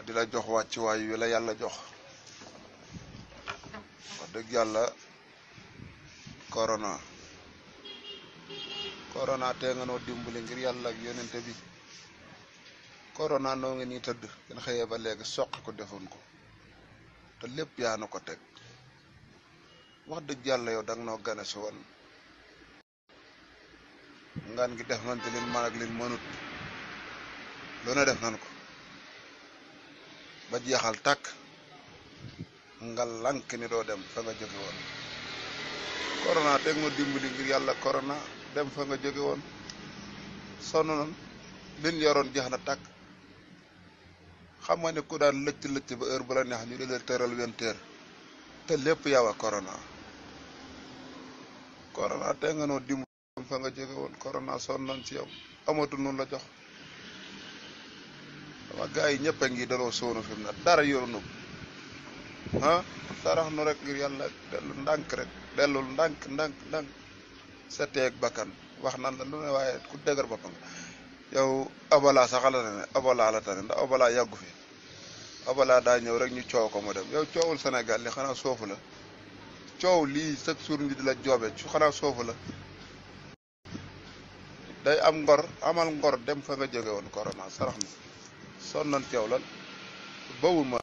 te di la jox wàccuwaay wi la yàlla jox wax dëgg yàlla korona korona te nga noo dimbali ngir yàlla ak yonente bi korona noo ngi nii tëdd ngeen xëyee ba léegi soqi ko defun ko te lépp yaa nu ko teg wax dëgg yàlla yow danga noo gane si woon ngaan gi def nañ ko liñ man ak liñ mënut lu def nan ko ba jeexal tàkk nga lànk ni doo dem fa nga jóge woon corona teg ma dimbali ngir yàlla corona dem fa nga jóge woon sonn nañ liñ yoroon jeex na tàkk xam nga ne ku daan lëcc lëcc ba heure bu la neex ñu di leen tëral vingt heures te lépp yow a corona corona teg nga noo dimbali fa nga jóge woon corona son nañ ci yow amatul noonu la jox waa gars yi ñëpp a ngi danoo sóonu fi mu ne dara yorunu ah sarax nu rek ngir yàlla dellu ndànk rek dellul ndànk ndànk ndànk sa teeg bakkan wax nan la lu ne waaye ku dëgër boppam yow abala sax ne abala la tane ndax abala yàggu fi abala daa ñëw rek ñu coow ko mu dem yow coowul Sénégal li xanaa soofu la coow lii chaque jour ñu di la joobe xanaa soofu la day am ngor amal ngor dem fa nga jóge woon corona sarax na sonn nañ ci yow lan bawul ma